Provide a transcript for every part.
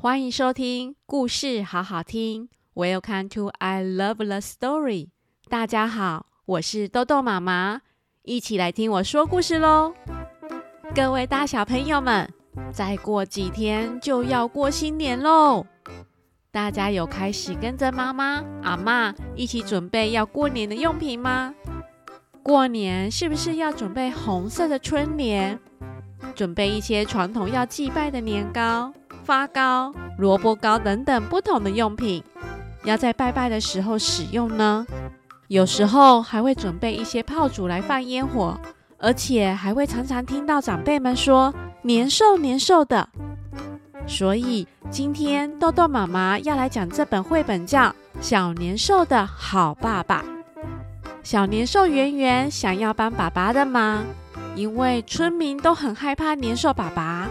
歡迎收聽故事好好聽。Welcome to I Love the Story。大家好，我是豆豆媽媽，一起來聽我說故事嘍。各位大小朋友們，再過幾天就要過新年嘍。大家有開始跟着媽媽、阿嬤一起準備要過年的用品嗎？過年是不是要準備紅色的春聯，準備一些傳統要祭拜的年糕？發糕、蘿蔔糕等等不同的用品，要在拜拜的時候使用呢。有時候還會準備一些炮竹來放煙火，而且還會常常聽到長輩們說“年獸年獸的”。所以今天豆豆媽媽要來講這本繪本，叫《小年獸的好爸爸》。小年獸圓圓想要幫爸爸的忙，因為村民都很害怕年獸爸爸。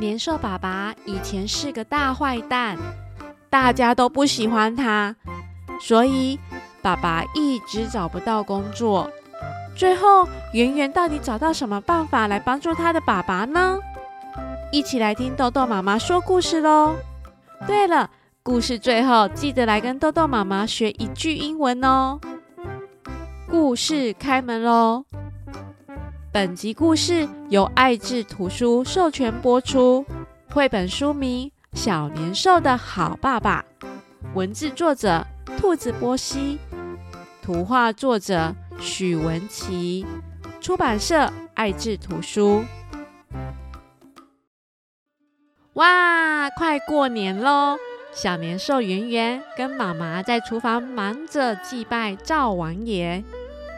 年獸爸爸以前是個大壞蛋，大家都不喜歡他，所以爸爸一直找不到工作。最後，圓圓到底找到什麼辦法來幫助他的爸爸呢？一起來聽豆豆媽媽說故事嘍。對了，故事最後記得來跟豆豆媽媽學一句英文哦。故事開門嘍。本集故事由愛智圖書授權播出，繪本書名《小年獸的好爸爸》，文字作者兔子波西，圖畫作者許文綺，出版社愛智圖書。哇，快過年嘍！小年獸圓圓跟媽媽在廚房忙着祭拜灶王爺。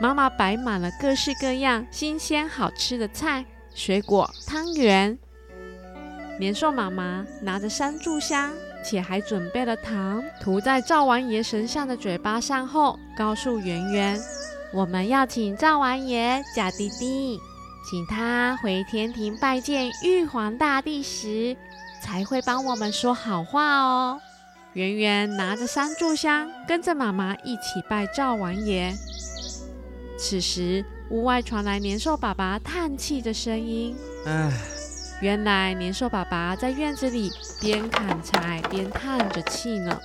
媽媽擺滿了各式各樣新鮮好吃的菜、水果、湯圓。年獸媽媽拿着三炷香，且還準備了糖塗在灶王爺神像的嘴巴上後，告訴圓圓：“我們要請灶王爺假滴滴，請他回天庭拜見玉皇大帝時，才會幫我們說好話哦。”圓圓拿着三炷香，跟着媽媽一起拜灶王爺。此時，屋外傳來年獸爸爸嘆氣的聲音。唉，原來年獸爸爸在院子裡邊砍柴邊嘆着氣呢。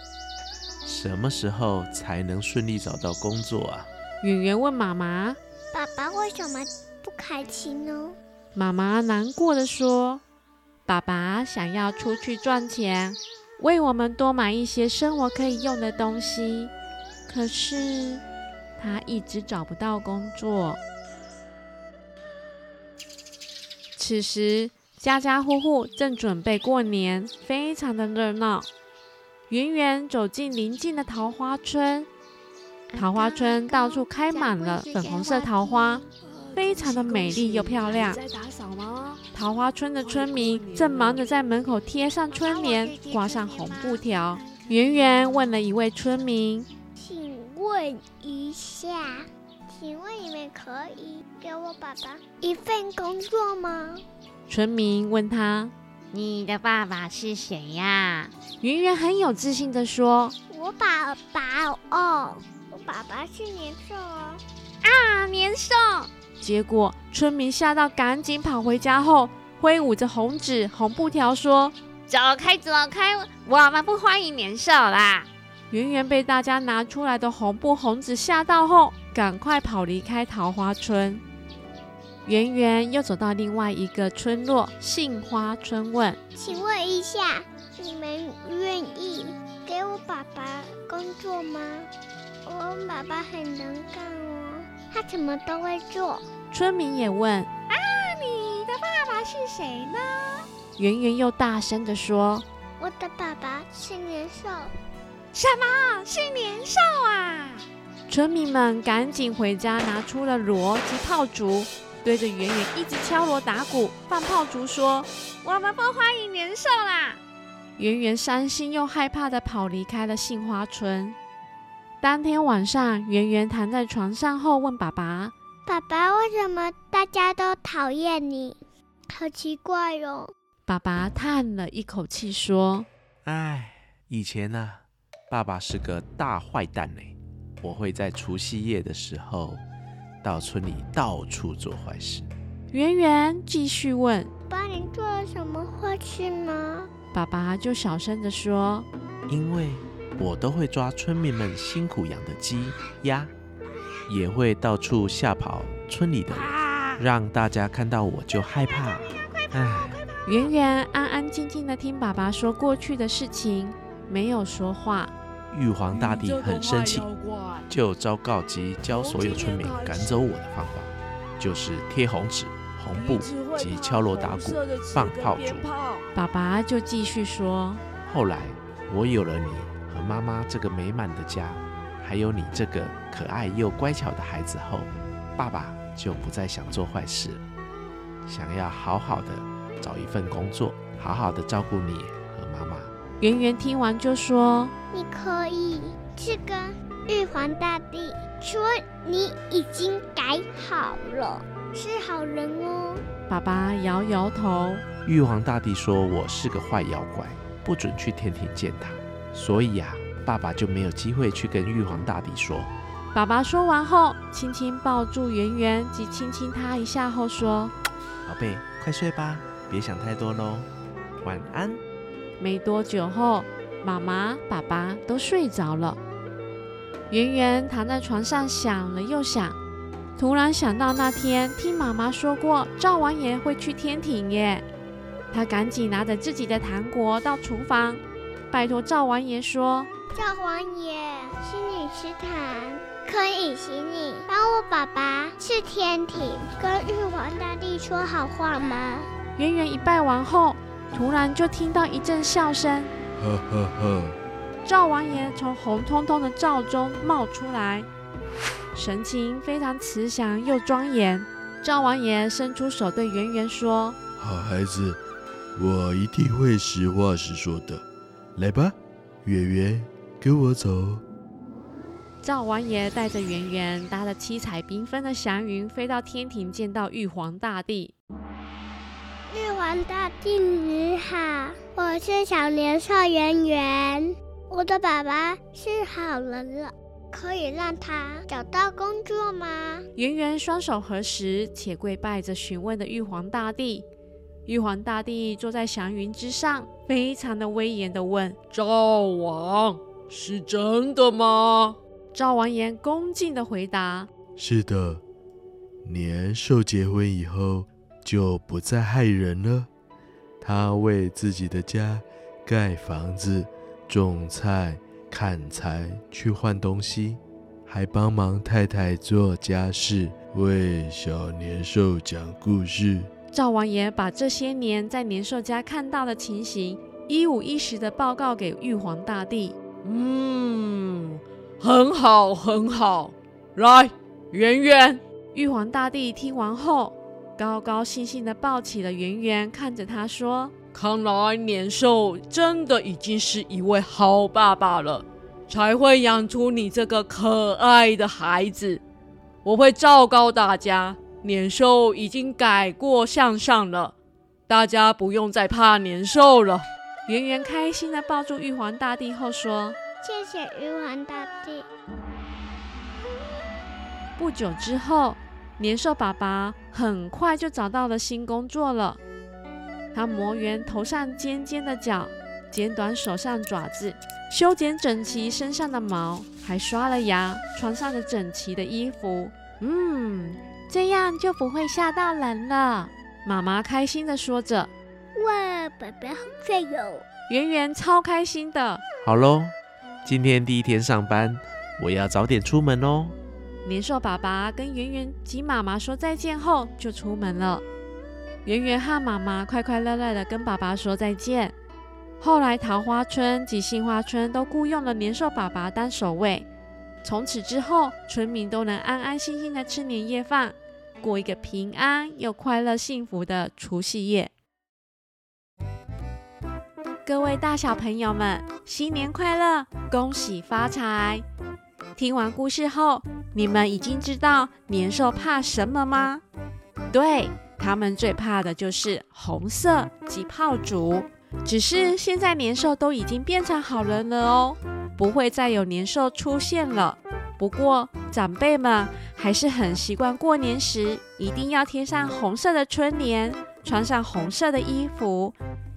什麼時候才能順利找到工作啊？圓圓問媽媽。爸爸為什麼不開心呢？媽媽難過的說：“爸爸想要出去賺錢，為我們多買一些生活可以用的東西，可是……”他一直找不到工作。此時，家家戶戶正準備過年，非常的熱鬧。圓圓走進鄰近的桃花村，桃花村到處開滿了粉紅色桃花，非常的美麗又漂亮。在打掃嗎？桃花村的村民正忙着在門口貼上春聯，掛上紅布條。圓圓問了一位村民。問一下，請問你們可以給我爸爸一份工作嗎？村民問他：“你的爸爸是誰呀？”圓圓很有自信的說：“我爸爸哦，我爸爸是年獸哦。”啊，年獸！結果村民嚇到，趕緊跑回家後，揮舞着紅紙、紅布條說：“走開，走開，我們不歡迎年獸啦！”圓圓被大家拿出來的紅布紅紙嚇到後，趕快跑離開桃花村。圓圓又走到另外一個村落——杏花村問：“請問一下，你們願意給我爸爸工作嗎？”我爸爸很能幹哦、啊，他什麼都會做。村民也問：“啊，你的爸爸是誰呢？”圓圓又大聲的說：“我的爸爸是年獸。”什麼是年獸啊？村民們趕緊回家，拿出了鑼及炮竹，對着圓圓一直敲鑼打鼓、放炮竹，說：“我們不歡迎年獸啦！”圓圓傷心又害怕地跑離開了杏花村。當天晚上，圓圓躺在床上後問爸爸：“爸爸，為什麼大家都討厭你？好奇怪喲、哦！”爸爸嘆了一口氣說：“唉，以前啊。”爸爸是個大壞蛋呢、欸。我會在除夕夜的時候，到村裡到處做壞事。圓圓繼續問：“爸爸，你做了什麼壞事嗎？”爸爸就小聲地說：“因為我都會抓村民們辛苦養的雞、鴨，也會到處嚇跑村裡的人，讓大家看到我就害怕，啊、唉。”圓圓安安靜靜地聽爸爸說過去的事情。沒有說話。玉皇大帝很生氣，就召告及教所有村民趕走我的方法，就是貼紅紙、紅布及敲鑼打鼓放炮竹。爸爸就繼續說：後來我有了你和媽媽這個美滿的家，還有你這個可愛又乖巧的孩子後，爸爸就不再想做壞事，想要好好的找一份工作，好好的照顧你和媽媽。圓圓聽完就說：“你可以去跟玉皇大帝說，你已經改好了，是好人哦。”爸爸搖搖頭。玉皇大帝說：“我是個壞妖怪，不准去天庭見他。”所以呀、啊，爸爸就沒有機會去跟玉皇大帝說。爸爸說完後，輕輕抱住圓圓，及親親他一下後說：“寶貝，快睡吧，別想太多嘍，晚安。”沒多久後，媽媽、爸爸都睡着了。圓圓躺在床上想了又想，突然想到那天聽媽媽說過灶王爺會去天庭耶。他趕緊拿着自己的糖果到廚房，拜托灶王爺說：“灶王爺，請你吃糖，可以請你幫我爸爸去天庭跟玉皇大帝說好話嗎？”圓圓一拜完後，突然就聽到一陣笑聲，呵呵呵。灶王爺從紅彤彤的灶中冒出來，神情非常慈祥又莊嚴。灶王爺伸出手對圓圓說：“好孩子，我一定會實話實說的。來吧，圓圓，跟我走。”灶王爺帶着圓圓搭着七彩繽紛的祥雲，飛到天庭見到玉皇大帝。玉皇大帝你好，我是小年獸圓圓，我的爸爸是好人了，了，可以讓他找到工作嗎？圓圓雙手合十，且跪拜着詢問的玉皇大帝。玉皇大帝坐在祥雲之上，非常的威嚴的問：“灶王爺是真的嗎？”灶王爺恭敬的回答：“是的，年獸結婚以後。”就不再害人了。他為自己的家蓋房子、種菜、砍柴去換東西，還幫忙太太做家事，為小年獸講故事。灶王爺把這些年在年獸家看到的情形一五一十地報告給玉皇大帝。嗯，很好，很好。來，圓圓。玉皇大帝聽完後。高高興興的抱起了圓圓，看着他說：“看來年獸真的已經是一位好爸爸了，才會養出你這個可愛的孩子。我會昭告大家，年獸已經改過向上了，大家不用再怕年獸了。”圓圓開心的抱住玉皇大帝後說：“謝謝玉皇大帝。”不久之後。年獸爸爸很快就找到了新工作了。他磨圓頭上尖尖的角，剪短手上爪子，修剪整齊身上的毛，還刷了牙，穿上了整齊的衣服。嗯，這樣就不會嚇到人了。媽媽開心地說着：“哇，爸爸好帥喲！”圓圓、哦、超開心的。好嘍，今天第一天上班，我要早點出門哦。年獸爸爸跟圓圓及媽媽說再見後，就出門了。圓圓和媽媽快快樂樂的跟爸爸說再見。後來桃花村及杏花村都僱用了年獸爸爸當守衛。從此之後，村民都能安安心心的吃年夜飯，過一個平安又快樂、幸福的除夕夜。各位大小朋友們，新年快樂，恭喜發財！聽完故事後，你們已經知道年獸怕什麼嗎？對，他們最怕的就是紅色及炮竹。只是現在年獸都已經變成好人了哦，不會再有年獸出現了。不過，長輩們還是很習慣過年時一定要貼上紅色的春聯，穿上紅色的衣服，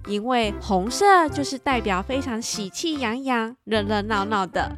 因為紅色就是代表非常喜氣洋洋、熱熱鬧鬧的。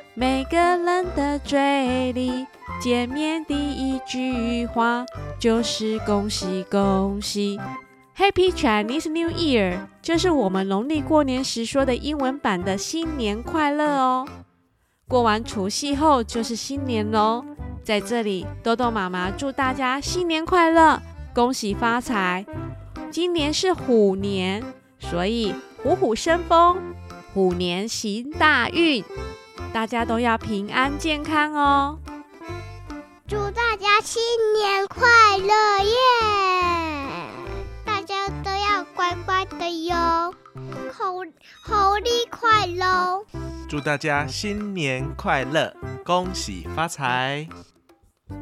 每個人的嘴裡見面第一句話就是“恭喜恭喜 ”，Happy Chinese New Year，就是我們農曆過年時說的英文版的“新年快樂”哦。過完除夕後就是新年嘍。在這裡，豆豆媽媽祝大家新年快樂，恭喜發財。今年是虎年，所以虎虎生風，虎年行大運。大家都要平安健康哦！祝大家新年快樂耶！大家都要乖乖的喲，猴猴年快樂！祝大家新年快樂，恭喜發財！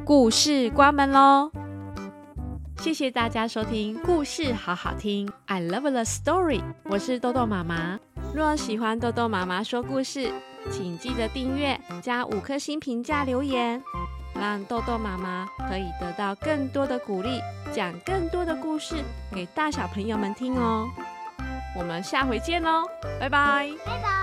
故事關門嘍，謝謝大家收聽《故事好好聽》。I love the story。我是豆豆媽媽。若喜歡豆豆媽媽說故事，請記得訂閱、加五顆星評價、留言，讓荳荳媽媽可以得到更多的鼓勵，講更多的故事給大小朋友們聽哦。我們下回見嘍，拜拜。拜拜。